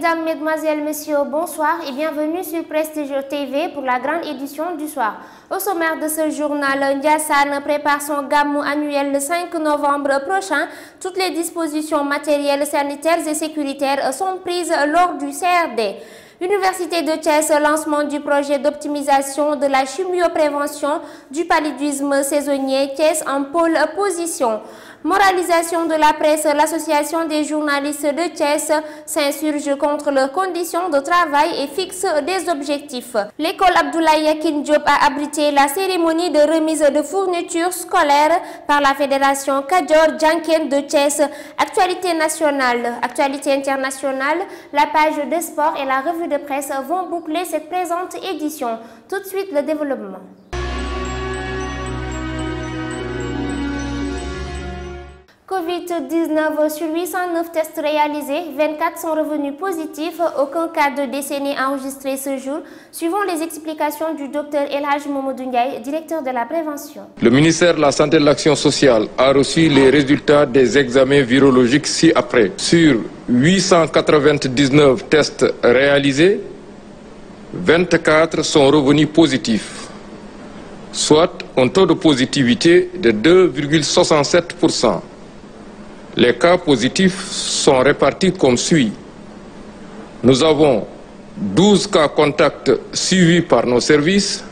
Mesdames, Mesdemoiselles, Messieurs, bonsoir et bienvenue sur Prestige TV pour la grande édition du soir. Au sommaire de ce journal, Ndiassane prépare son gamme annuel le 5 novembre prochain. Toutes les dispositions matérielles, sanitaires et sécuritaires sont prises lors du CRD. Université de Thiès, lancement du projet d'optimisation de la chimioprévention du paludisme saisonnier Thiès en pôle position. Moralisation de la presse, l'association des journalistes de Thiès s'insurge contre leurs conditions de travail et fixe des objectifs. L'école Abdoulaye Yakin Diop a abrité la cérémonie de remise de fournitures scolaires par la fédération Kajor Janken de Thiès. Actualité nationale, actualité internationale, la page des sports et la revue de presse vont boucler cette présente édition. Tout de suite, le développement. Covid-19 sur 809 tests réalisés, 24 sont revenus positifs, aucun cas de décès n'est enregistré ce jour, suivant les explications du docteur Elhaj Momodungay, directeur de la prévention. Le ministère de la Santé et de l'Action sociale a reçu les résultats des examens virologiques ci-après. Sur 899 tests réalisés, 24 sont revenus positifs, soit un taux de positivité de 2,67%. Les cas positifs sont répartis comme suit. Nous avons 12 cas contacts suivis par nos services,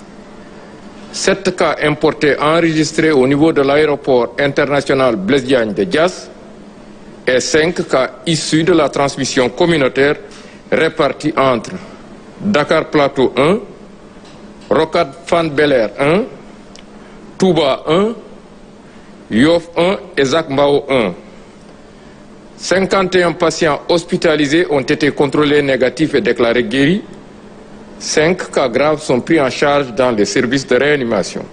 7 cas importés enregistrés au niveau de l'aéroport international Blaise de Dias et 5 cas issus de la transmission communautaire répartis entre Dakar Plateau 1, Rocade Fan Belair 1, Touba 1, Yoff 1 et Zakmao 1. 51 patients hospitalisés ont été contrôlés négatifs et déclarés guéris. 5 cas graves sont pris en charge dans les services de réanimation.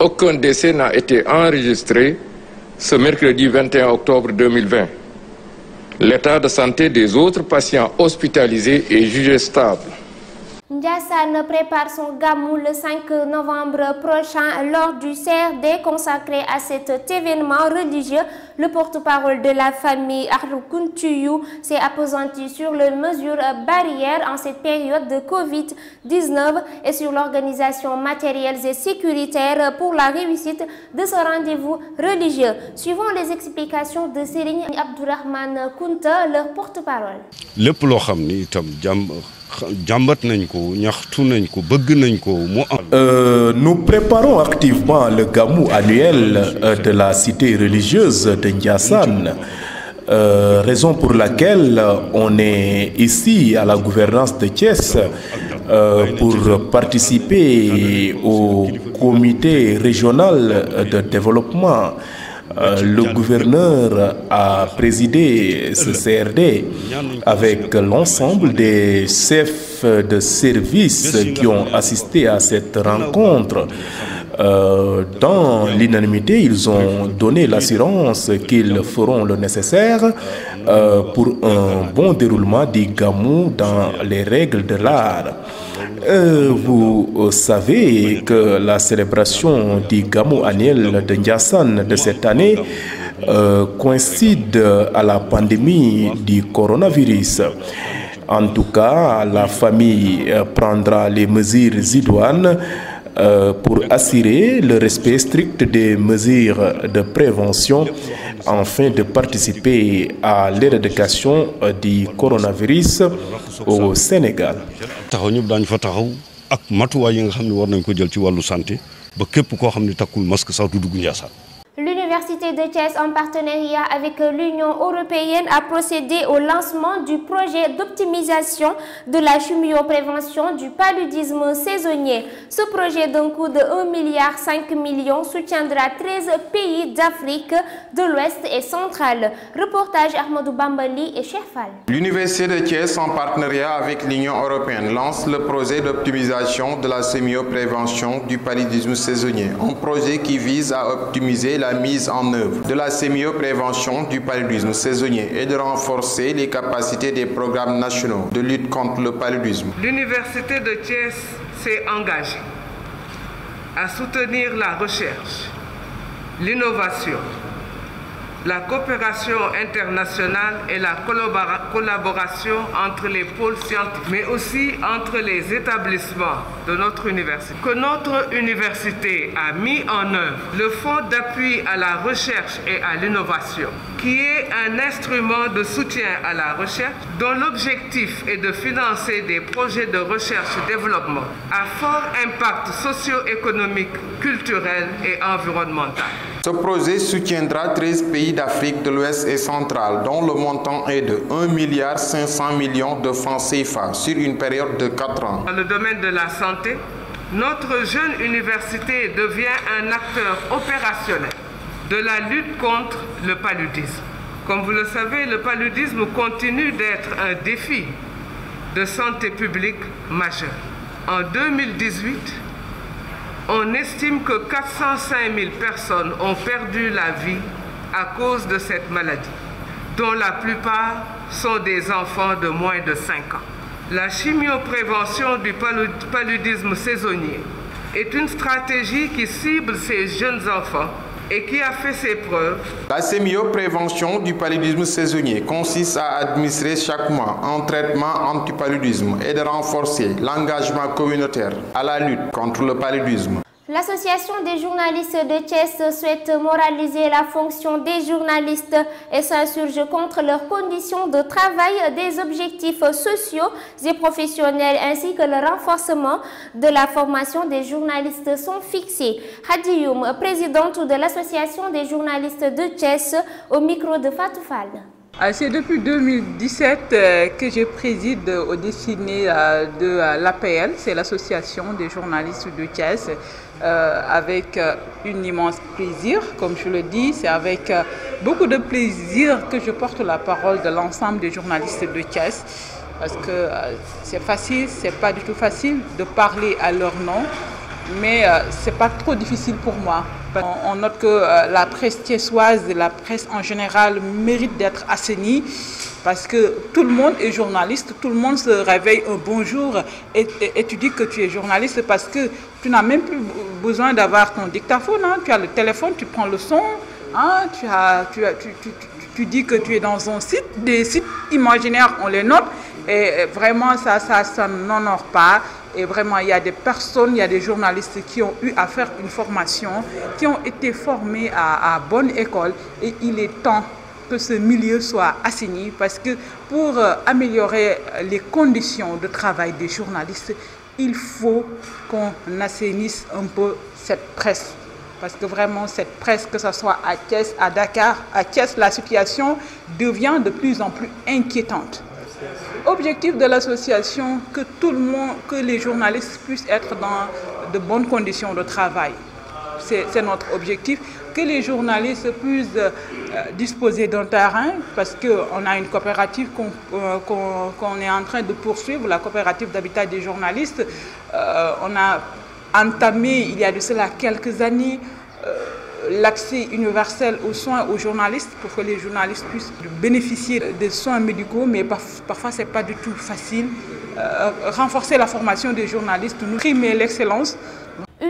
Aucun décès n'a été enregistré ce mercredi 21 octobre 2020. L'état de santé des autres patients hospitalisés est jugé stable. Ndiassane prépare son gamou le 5 novembre prochain lors du CRD consacré à cet événement religieux. Le porte-parole de la famille Arlou Kuntuyu s'est appesanti sur les mesures barrières en cette période de Covid-19 et sur l'organisation matérielle et sécuritaire pour la réussite de ce rendez-vous religieux. Suivant les explications de Serigne Abdourahman Kunta, leur porte-parole. Euh, nous préparons activement le gamou annuel euh, de la cité religieuse de Ndiassan. Euh, raison pour laquelle on est ici à la gouvernance de Thiès pour participer au comité régional de développement. Euh, le gouverneur a présidé ce CRD avec l'ensemble des chefs de service qui ont assisté à cette rencontre. Euh, dans l'unanimité, ils ont donné l'assurance qu'ils feront le nécessaire euh, pour un bon déroulement des gamous dans les règles de l'art. Euh, vous euh, savez que la célébration du Gamo annuel de Ndiassan de cette année euh, coïncide à la pandémie du coronavirus. En tout cas, la famille prendra les mesures idoines pour assurer le respect strict des mesures de prévention afin de participer à l'éradication du coronavirus au Sénégal. taxaw ñëpp daañu fa taxaw ak matuwaay yi nga xam ne war nañ ko jël ci wàllu santé ba képp koo xam ni takkul masque sax du dugg Ndiassane l'Université de Thiès, en partenariat avec l'Union européenne, a procédé au lancement du projet d'optimisation de la chimioprévention du paludisme saisonnier. Ce projet d'un coût de 1,5 milliard soutiendra 13 pays d'Afrique de l'Ouest et centrale. Reportage Ahmadou Bambali et Cherfal. L'Université de Thiès, en partenariat avec l'Union européenne, lance le projet d'optimisation de la chimio-prévention du paludisme saisonnier. Un projet qui vise à optimiser la mise en œuvre de la sémioprévention prévention du paludisme saisonnier et de renforcer les capacités des programmes nationaux de lutte contre le paludisme. L'Université de Thiès s'est engagée à soutenir la recherche, l'innovation, la coopération internationale et la collaboration entre les pôles scientifiques, mais aussi entre les établissements de notre université. Que notre université a mis en œuvre le Fonds d'appui à la recherche et à l'innovation qui est un instrument de soutien à la recherche dont l'objectif est de financer des projets de recherche-développement à fort impact socio-économique, culturel et environnemental. Ce projet soutiendra 13 pays d'Afrique de l'Ouest et centrale, dont le montant est de 1,5 milliard de francs CFA sur une période de 4 ans. Dans le domaine de la santé, notre jeune université devient un acteur opérationnel de la lutte contre le paludisme. Comme vous le savez, le paludisme continue d'être un défi de santé publique majeur. En 2018, on estime que 405 000 personnes ont perdu la vie à cause de cette maladie, dont la plupart sont des enfants de moins de 5 ans. La chimioprévention du paludisme saisonnier est une stratégie qui cible ces jeunes enfants et qui a fait ses preuves. La sémioprévention prévention du paludisme saisonnier consiste à administrer chaque mois un traitement anti-paludisme et de renforcer l'engagement communautaire à la lutte contre le paludisme L'association des journalistes de Thiès souhaite moraliser la fonction des journalistes et s'insurge contre leurs conditions de travail, des objectifs sociaux et professionnels ainsi que le renforcement de la formation des journalistes sont fixés. Hadi présidente de l'association des journalistes de Thiès, au micro de Fatoufal. Ah, c'est depuis 2017 euh, que je préside au dessiné euh, de euh, l'APL, c'est l'association des journalistes de Thiès, avec un immense plaisir, comme je le dis, c'est avec beaucoup de plaisir que je porte la parole de l'ensemble des journalistes de Thiès, parce que c'est facile, c'est pas du tout facile de parler à leur nom, mais ce euh, c'est pas trop difficile pour moi. On, note que euh, la presse tiessoise et la presse en général méritent d'être assainies parce que tout le monde est journaliste, tout le monde se réveille un bonjour et, tu dis que tu es journaliste parce que tu n'as même plus besoin d'avoir ton dictaphone, hein. tu as le téléphone, tu prends le son, hein. tu, dis que tu es dans un site, des sites imaginaires, on les note et vraiment ça, ça, ça pas et vraiment, il y a des personnes, il y a des journalistes qui ont eu à faire une formation, qui ont été formés à, bonne école. Et il est temps que ce milieu soit assaini parce que pour euh, améliorer les conditions de travail des journalistes, il faut qu'on assainisse un peu cette presse. Parce que vraiment, cette presse, que ce soit à Thiès, à Dakar, à Thiès, la situation devient de plus en plus inquiétante. Objectif de l'association, que tout le monde, que les journalistes puissent être dans de bonnes conditions de travail. C'est notre objectif. Que les journalistes puissent euh, disposer d'un terrain, parce qu'on a une coopérative euh, qu'on est en train de poursuivre, la coopérative d'habitat des journalistes. Euh, on a entamé, il y a de cela quelques années, l'accès universel aux soins aux journalistes pour que les journalistes puissent bénéficier des soins médicaux, mais parfois ce n'est pas du tout facile. Euh, renforcer la formation des journalistes, nous l'excellence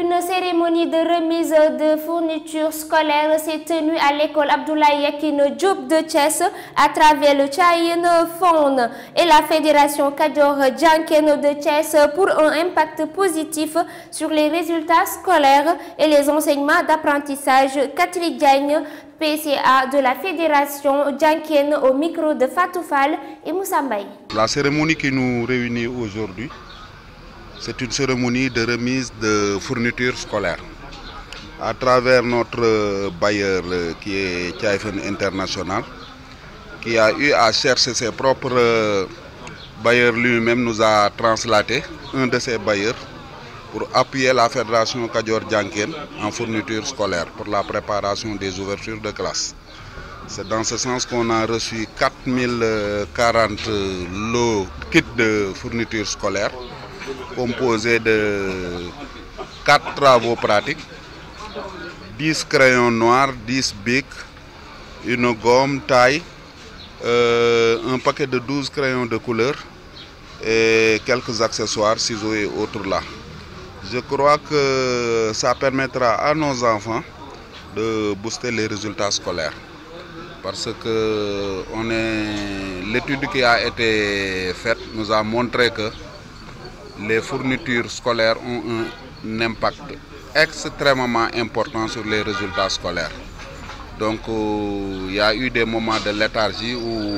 une cérémonie de remise de fournitures scolaires s'est tenue à l'école Abdoulaye Yakine Diop de chess à travers le Tchayen Fond et la fédération Kador Djanken de chess pour un impact positif sur les résultats scolaires et les enseignements d'apprentissage. Catherine Gagne, PCA de la fédération Djankeno, au micro de Fatoufal et Moussambaye. La cérémonie qui nous réunit aujourd'hui c'est une cérémonie de remise de fournitures scolaires. À travers notre bailleur qui est KFN International, qui a eu à chercher ses propres euh, bailleurs lui-même, nous a translaté un de ses bailleurs pour appuyer la Fédération Kadior Djankin en fournitures scolaires pour la préparation des ouvertures de classe. C'est dans ce sens qu'on a reçu 4040 euh, euh, lots kits de fourniture scolaire composé de quatre travaux pratiques, 10 crayons noirs, 10 bics, une gomme taille, euh, un paquet de 12 crayons de couleur et quelques accessoires, ciseaux et autres là. Je crois que ça permettra à nos enfants de booster les résultats scolaires parce que l'étude qui a été faite nous a montré que les fournitures scolaires ont un impact extrêmement important sur les résultats scolaires. Donc euh, il y a eu des moments de léthargie où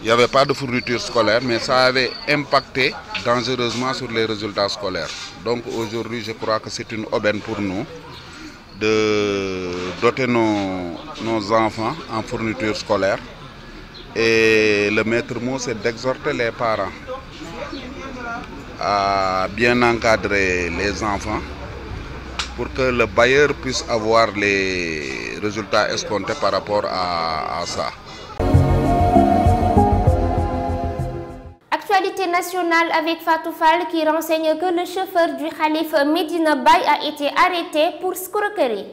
il n'y avait pas de fournitures scolaires, mais ça avait impacté dangereusement sur les résultats scolaires. Donc aujourd'hui, je crois que c'est une aubaine pour nous de doter nos, enfants en fournitures scolaires. Et le maître mot, c'est d'exhorter les parents à bien encadrer les enfants pour que le bailleur puisse avoir les résultats escomptés par rapport à, ça. Actualité nationale avec Fatou qui renseigne que le chauffeur du Khalif Medina Bay a été arrêté pour scroquerie.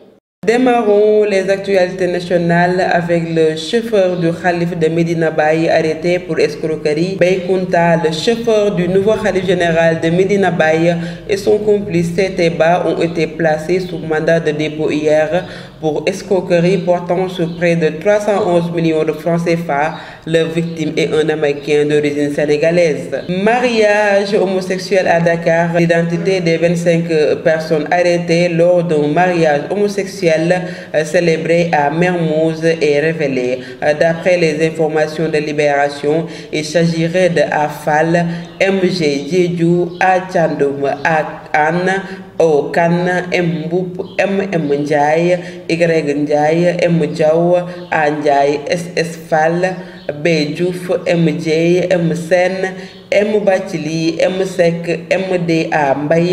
Démarrons les actualités nationales avec le chauffeur du Khalif de Medina Baye arrêté pour escroquerie. Kounta, le chauffeur du nouveau Khalif général de Medina Baye et son complice Seteba ont été placés sous mandat de dépôt hier pour escroquerie portant sur près de 311 millions de francs CFA. Leur victime est un Américain d'origine sénégalaise. Mariage homosexuel à Dakar. L'identité des 25 personnes arrêtées lors d'un mariage homosexuel célébré à Mermoz est révélée. D'après les informations de Libération, il s'agirait de Afal, MG, Jeju, Achandoum, an o kan mbup mm ndiaye y ndiaye m diaw a ndiaye ss fall b diouf m diey m sen m bathily m sek m da mbay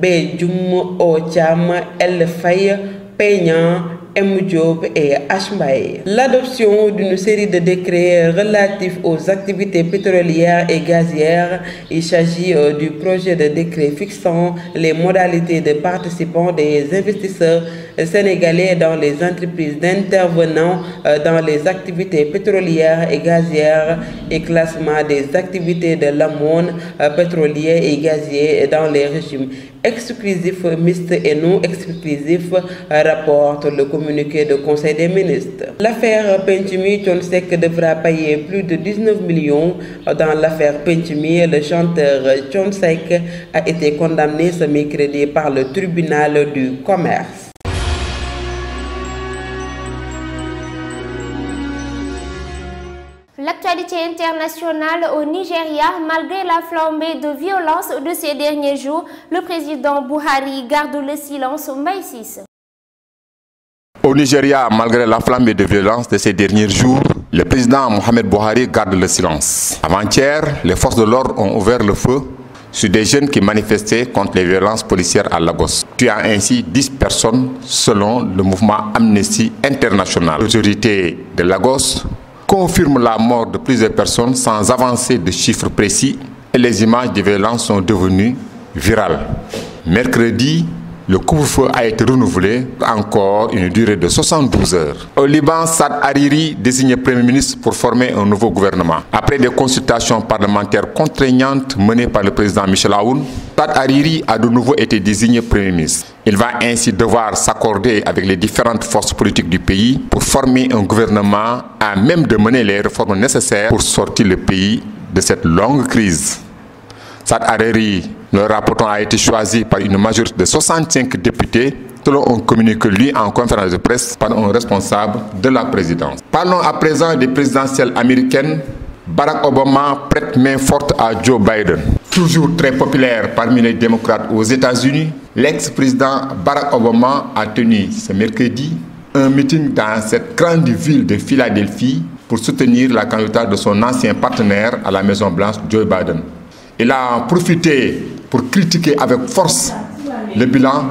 b dioum o thiam l faye peignan M. et H. L'adoption d'une série de décrets relatifs aux activités pétrolières et gazières. Il s'agit euh, du projet de décret fixant les modalités de participants des investisseurs sénégalais dans les entreprises d'intervenants euh, dans les activités pétrolières et gazières et classement des activités de l'amone euh, pétrolier et gazier dans les régimes exclusifs, mixtes et non exclusifs, euh, rapporte le communiqué du Conseil des ministres. L'affaire Pentumi, Tchonsek devra payer plus de 19 millions. Dans l'affaire Pentumi, le chanteur Tchonsek a été condamné ce mercredi par le tribunal du commerce. L'actualité internationale au Nigeria, malgré la flambée de violence de ces derniers jours, le président Buhari garde le silence au Maïsis. Au Nigeria, malgré la flambée de violence de ces derniers jours, le président Mohamed Buhari garde le silence. Avant-hier, les forces de l'ordre ont ouvert le feu sur des jeunes qui manifestaient contre les violences policières à Lagos, tuant ainsi 10 personnes selon le mouvement Amnesty International. L'autorité de Lagos confirme la mort de plusieurs personnes sans avancer de chiffres précis et les images de violence sont devenues virales. Mercredi, le couvre-feu a été renouvelé encore une durée de 72 heures. Au Liban, Saad Hariri désigné Premier ministre pour former un nouveau gouvernement. Après des consultations parlementaires contraignantes menées par le président Michel Aoun, Saad Hariri a de nouveau été désigné Premier ministre. Il va ainsi devoir s'accorder avec les différentes forces politiques du pays pour former un gouvernement à même de mener les réformes nécessaires pour sortir le pays de cette longue crise. Saad Hariri le rapporteur a été choisi par une majorité de 65 députés selon un communiqué lui en conférence de presse par un responsable de la présidence. Parlons à présent des présidentielles américaines. Barack Obama prête main forte à Joe Biden. Toujours très populaire parmi les démocrates aux États-Unis, l'ex-président Barack Obama a tenu ce mercredi un meeting dans cette grande ville de Philadelphie pour soutenir la candidature de son ancien partenaire à la Maison-Blanche, Joe Biden. Il a profité pour critiquer avec force le bilan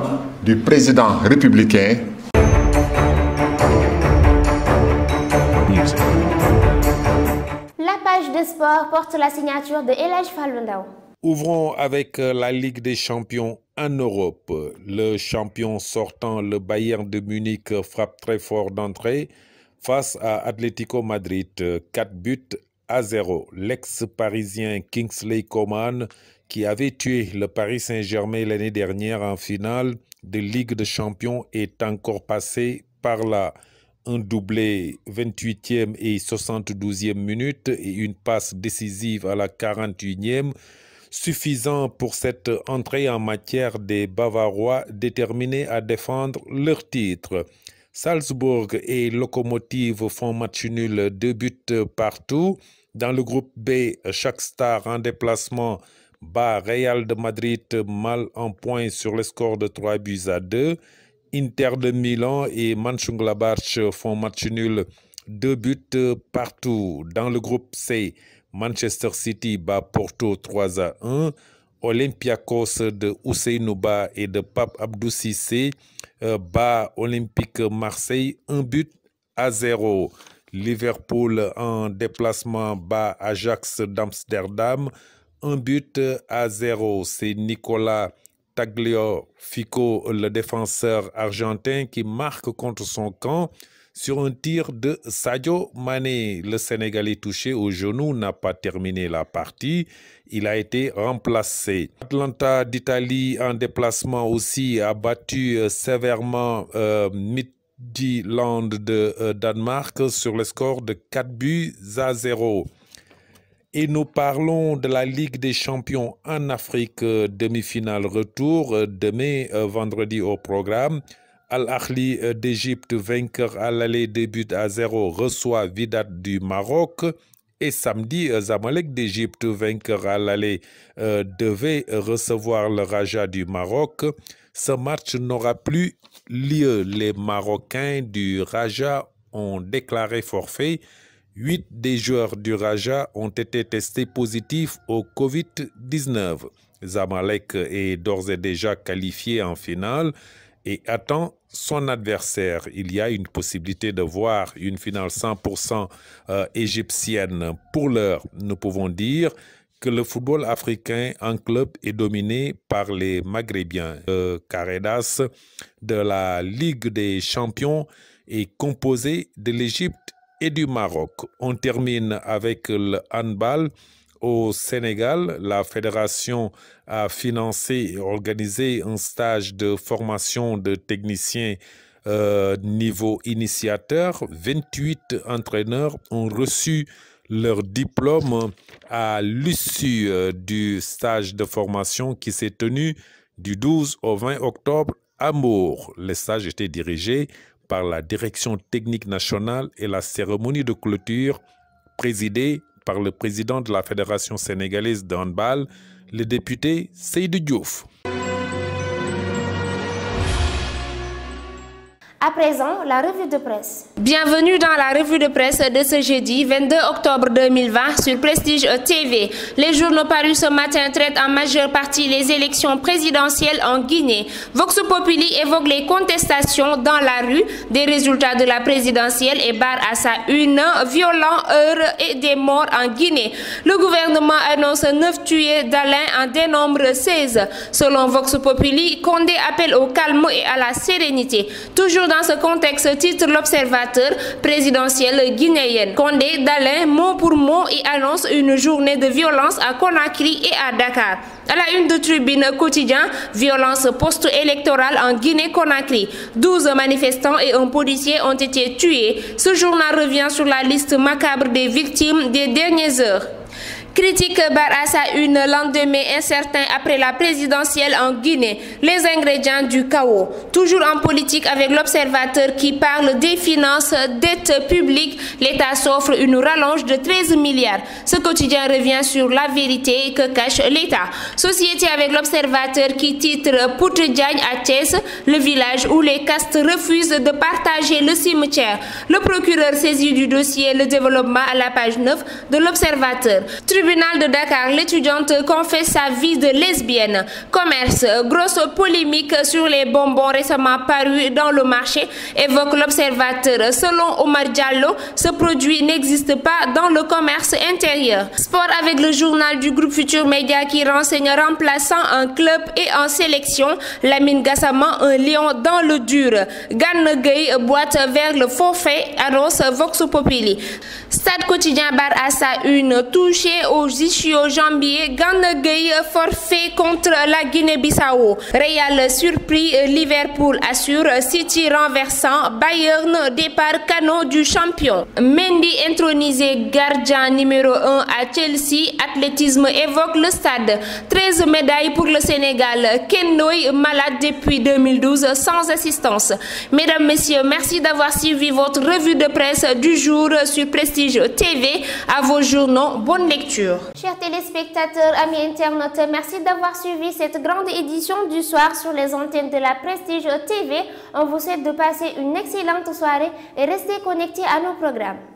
du président républicain. La page de sport porte la signature de Elage Falundao. Ouvrons avec euh, la Ligue des champions en Europe. Le champion sortant, le Bayern de Munich, euh, frappe très fort d'entrée face à Atlético Madrid. 4 euh, buts à zéro. L'ex-parisien Kingsley Coman qui avait tué le Paris Saint-Germain l'année dernière en finale de Ligue des Champions, est encore passé par là. Un doublé 28e et 72e minute et une passe décisive à la 41e, suffisant pour cette entrée en matière des Bavarois déterminés à défendre leur titre. Salzbourg et Locomotive font match nul, deux buts partout. Dans le groupe B, chaque star en déplacement Bas Real de Madrid mal en point sur le score de 3 buts à 2. Inter de Milan et Manchungla-Barch font match nul, deux buts partout. Dans le groupe C, Manchester City bat Porto 3 à 1. Olympiakos de Ousseinouba et de Pape Abdou Sissé euh, bat Olympique Marseille 1 but à 0. Liverpool en déplacement bat Ajax d'Amsterdam un but euh, à zéro. C'est Nicolas Fico, le défenseur argentin, qui marque contre son camp sur un tir de Sadio Mané. Le Sénégalais touché au genou n'a pas terminé la partie. Il a été remplacé. Atlanta d'Italie en déplacement aussi a battu euh, sévèrement euh, Land de euh, Danemark sur le score de 4 buts à zéro. Et nous parlons de la Ligue des champions en Afrique, euh, demi-finale retour, euh, demain euh, vendredi au programme. Al-Ahli d'Égypte, vainqueur à l'aller, débute à zéro, reçoit Vidat du Maroc. Et samedi, Zamalek d'Égypte, vainqueur à l'aller, devait recevoir le Raja du Maroc. Ce match n'aura plus lieu. Les Marocains du Raja ont déclaré forfait Huit des joueurs du Raja ont été testés positifs au Covid-19. Zamalek est d'ores et déjà qualifié en finale et attend son adversaire. Il y a une possibilité de voir une finale 100% euh, égyptienne. Pour l'heure, nous pouvons dire que le football africain en club est dominé par les Maghrébins. Le euh, Caredas de la Ligue des champions est composé de l'Égypte et du Maroc. On termine avec le handball. Au Sénégal, la fédération a financé et organisé un stage de formation de techniciens euh, niveau initiateur. 28 entraîneurs ont reçu leur diplôme à l'issue euh, du stage de formation qui s'est tenu du 12 au 20 octobre à Mour. Le stage était dirigé par la Direction technique nationale et la cérémonie de clôture présidée par le président de la Fédération sénégalaise de le député Seydou Diouf. À présent, la revue de presse. Bienvenue dans la revue de presse de ce jeudi 22 octobre 2020 sur Prestige TV. Les journaux parus ce matin traitent en majeure partie les élections présidentielles en Guinée. Vox Populi évoque les contestations dans la rue des résultats de la présidentielle et barre à sa une violent heure et des morts en Guinée. Le gouvernement annonce neuf tués d'Alain en dénombre 16. Selon Vox Populi, Condé appelle au calme et à la sérénité. Toujours dans dans ce contexte, titre l'observateur présidentiel guinéen. Condé d'Alain, mot pour mot, y annonce une journée de violence à Conakry et à Dakar. À la une de tribunes quotidien, violence post-électorale en Guinée-Conakry. 12 manifestants et un policier ont été tués. Ce journal revient sur la liste macabre des victimes des dernières heures. Critique Barassa une lendemain incertain après la présidentielle en Guinée. Les ingrédients du chaos. Toujours en politique avec l'observateur qui parle des finances, dettes publiques, l'État s'offre une rallonge de 13 milliards. Ce quotidien revient sur la vérité que cache l'État. Société avec l'observateur qui titre Diagne à Thiès, le village où les castes refusent de partager le cimetière. Le procureur saisit du dossier le développement à la page 9 de l'observateur tribunal de Dakar, l'étudiante confesse sa vie de lesbienne. Commerce, grosse polémique sur les bonbons récemment parus dans le marché, évoque l'observateur. Selon Omar Diallo, ce produit n'existe pas dans le commerce intérieur. Sport avec le journal du groupe Futur Media qui renseigne remplaçant un club et en sélection. Lamine Gassama, un lion dans le dur. Gagne boîte boite vers le forfait, annonce Vox Populi. Stade quotidien bar à sa une, touchée au issues jambier, Gana Gueye forfait contre la Guinée-Bissau. Real surpris, Liverpool assure, City renversant, Bayern départ canon du champion. Mendy intronisé gardien numéro 1 à Chelsea, athlétisme évoque le stade. 13 médailles pour le Sénégal, Noy malade depuis 2012 sans assistance. Mesdames, Messieurs, merci d'avoir suivi votre revue de presse du jour sur Prestige TV. À vos journaux, bonne lecture. Chers téléspectateurs, amis internautes, merci d'avoir suivi cette grande édition du soir sur les antennes de la Prestige TV. On vous souhaite de passer une excellente soirée et restez connectés à nos programmes.